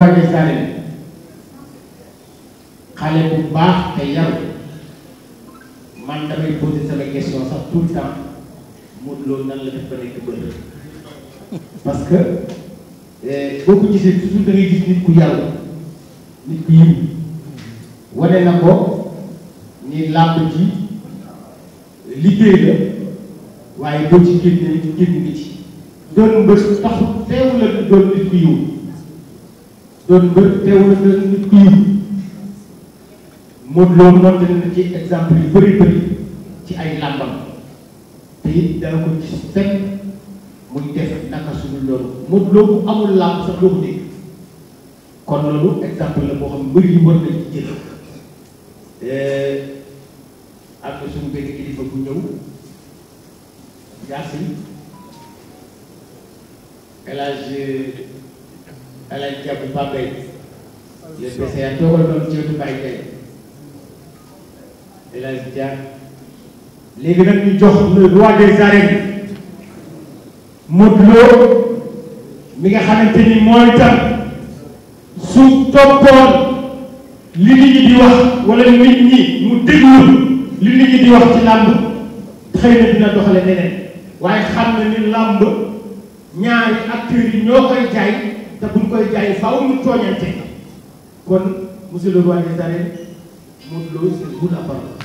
Mbacke Salim xale bu baax te yaru man damay posé sama question sax tout le temps moom loolu nan la def ba nekk bëri parce que eh, boo ko gis nit ku yaru nit ku yiw wane na ko ni làmb ji liggéey la waaye boo ci génne génn ngi ci doon mbër taxut teewu nit doon mbër teewul doon nit ku yiw Modou Lo noonu dina ci exemple yu bëri bëri ci ay làmbam te it dana ko ci fekk muy def naka suñu loolu Modou Lo bu amul làmb sax doo ko dégg kon loolu exemple la boo xam mbër yi war nañ ci jël am na suñu benn kilifa bu ñëw Yacine El alal jàpp Bambey le PCA toogaloo Diop Mbaye Gueye El Hadj Dia léegi nag ñu jox le roi des arènes Modou Lo mi nga xamante ni mooy su toppoon li nit ñi di wax wala nit ñi mu déglu li nit ñi di ci làmb xëy na dina doxale neneen waaye xam na ni làmb ñaari acteurs yi jaay. te buñ koy jaay faaw ñu tooñante kon monsieur le roi des arènes Modou Lo c'est vous la parole.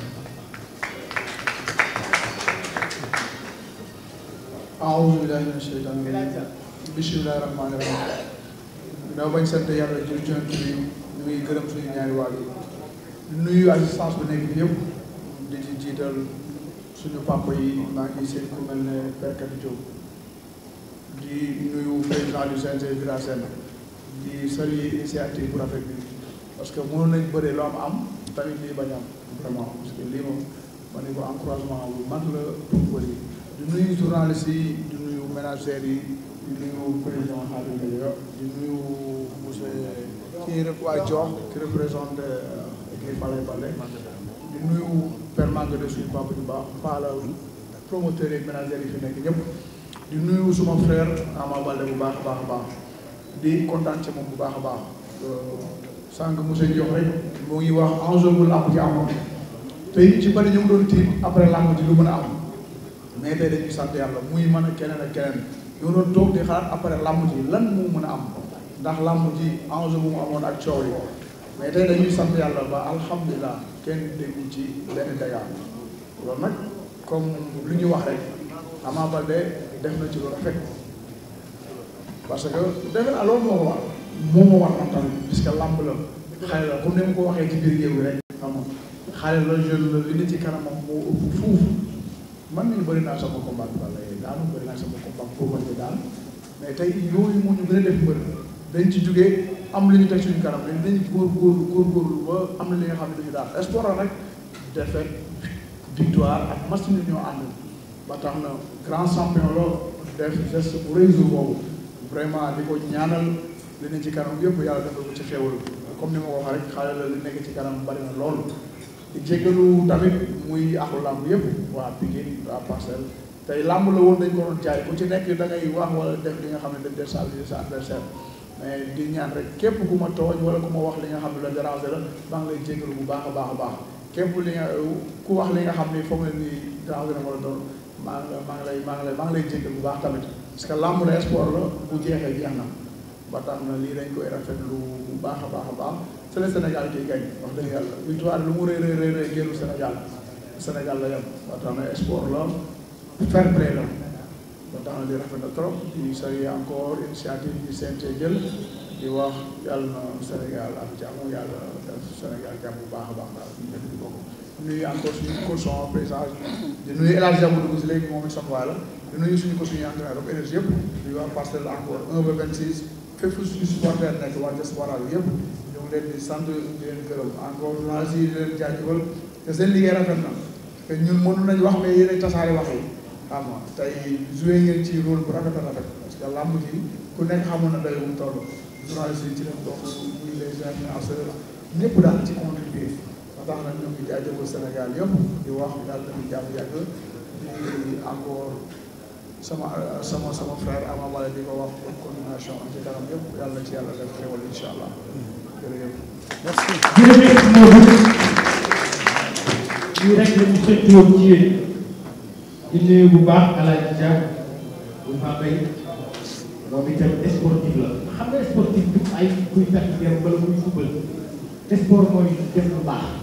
aawuzu billaahi mina sheytaani rajiim bismillaahi rahmaani rahiim. dama bañ sant yàlla jël jant bi ñu ngi gërëm suñu ñaari waay yi nuyu assistance bu nekk bi yëpp di ci jiital suñu papa yi maa ngi seen ku mel ne Berkati di nuyu président du CNG Bira Sène di saluer initiative bu rafet bi parce que mënoon nañ bëre lu am am tamit lii bañ am parce que lii moom ma ne ko encouragement bu mag la pour bëri di nuyu journaliste yi di nuyu ménagères yi di nuyu président Khadim Gueye di nuyu monsieur kii rek waa Diom qui représente équipe Bale Bale di nuyu permanent de suñu Pape Diouf Ba la promoteur yi ménagères yi fi nekk ñëpp di nuyu suma frère Ama Baldé bu baax a baax a baax di kontaan ci moom bu baax a baax euh, sànq monsieur Diop rek moo ngi wax enjeu bu làmb ji amoon tey ci bëri ñu ngi doon tiit après làmb ji lu mën a am mais tey dañuy sant yàlla muy mën a keneen ak keneen ñu ngi doon toog di xalaat après làmb ji lan moo mën a am ndax làmm ji enjeu bu mu amoon ak coow yi mais tey dañuy sant yàlla ba alhamdulilah kenn déggu ci benn dégât loolu nag comme lu ñu wax rek Ama Baldé def na ci lu rafet parce que defe naa loolu moo ko war moo ma war man tamit puisque làmb la xale la comme ni ma ko waxee ci biir géew rek xam nga xale la jeune la li ne ci kanamam moo ëpp man mii bëri naa sama combat wala daanu bëri naa sama combat pour ma ñu daal mais tey yooyu moo ñu gën a def dañ ci jugee am lu ñu teg suñu kanam dañ dañ góor góorlu góor góorlu ba am na li xam ne dañu daal sport rek defet victoire ak match ñoo ànd ba tax na grand champion loolu def geste bu rëy boobu vraiment di ko ñaanal li ne ci kanam yëpp yàlla defal ko ci xéwal comme ni ma ko waxee rek xale la li nekk ci kanam bari na loolu di jéggalu tamit muy axlu làmb yëpp waa Pikine waa Parcelles tey làmb la woon dañ ko doon jaay ku ci nekk da ngay wax wala def li nga xam ne dañ déstabiliser sa adversaire mais di ñaan rek képp ku ma tooñ wala ku ma wax li nga xam ne la déranger la maa ngi lay jéggalu bu baax a baax a baax képp li nga ku wax li nga xam ne foog na ni déranger na ma la maa ngi maa ngi lay maa ngi lay maa ngi lay bu baax tamit parce que làmb la sport la bu jeexee jeex na ba tax na lii dañ koy rafetlu bu baax a baax a baax c'est le Sénégal kiy gañ wax dëgg yàlla victoire lu mu rëy rëy rëy rëy génnu Sénégal Sénégal la yem ba tax sport la fair play la ba tax na di rafet na trop di saluer encore initiative bi CNG jël di wax yàlla na Sénégal am jàmm yàlla def Sénégal jàmm bu baax a baax daal ñu def ko nuyu encore suñu coach en présence di nuyu El Hadj Diabou Diouf léegi moom it sama waay la di nuyu suñu coach suñu entraîneur ak énergie yëpp di waa Parcelles encore 1 ba 26 fépp suñu supporter nekk waa diaspora bi yëpp ñu ngi leen di sant di leen gërëm encore journaliste yi di leen jaajëfal te seen liggéey rafet na te ñun mënu nañ wax mais yéen a tasaare wax yi xam nga tey joué ngeen ci rôle bu rafet a rafet parce que làmb ji ku nekk xamoon na dayo mu toll journaliste yi ci leen dox muy les jeunes assurés ñëpp daal ci contribuer ba tax nag ñu ngi jaajëfal Sénégal yëpp di wax yàlla tamit jàmm yàgg di encore sama sama sama frère Ama Baldé di ko wax pour coordination am ci kanam yëpp yàlla ci yàlla def xéwal incha allah jërëjëf. merci. jërëjëf Modou. ñu rek la ñu fekkoon ci yéen di nuyu bu baax El Hadj Dia bu Fapal moom itam sportif la xam nga sportif du ay kuy takk dem bala muy fubal sport mooy def lu baax.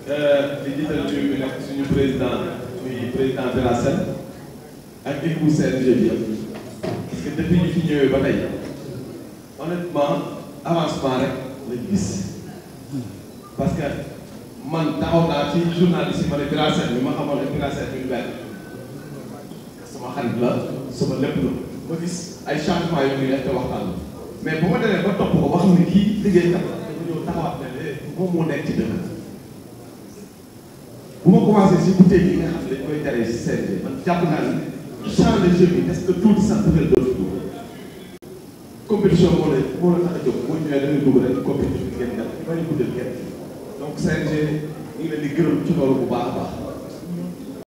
Euh, di jiital tur bi nekk suñu président muy président de la SEN ak équipe bu CNG bi yëpp parce que depuis ñu fi ñëwee ba tey honnêtement avancement rek lañ gis parce que man taxaw naa ci journaliste yi ma ne Bira Sène ma xamoon ne Bira Sène bi benn sama xarit la sama lépp la ay changements yu muy def te waxtaan mais bu ma demee ba topp ni kii liggéeykat la dafa ñëw taxawaat ne eh, moom bu ma commencé si bouteille yi nga xam ne dañ koy teree si CNG man jàpp naa ne changer jeu bi est ce que tuuti sax dafay dootu dugg compétition moo lay moo la tax a jóg boo ñëwee da ngay dugg rek compétition bi ngeen def bañ a guddal kenn donc CNG ñu ngi leen di gërëm ci loolu bu baax a baax.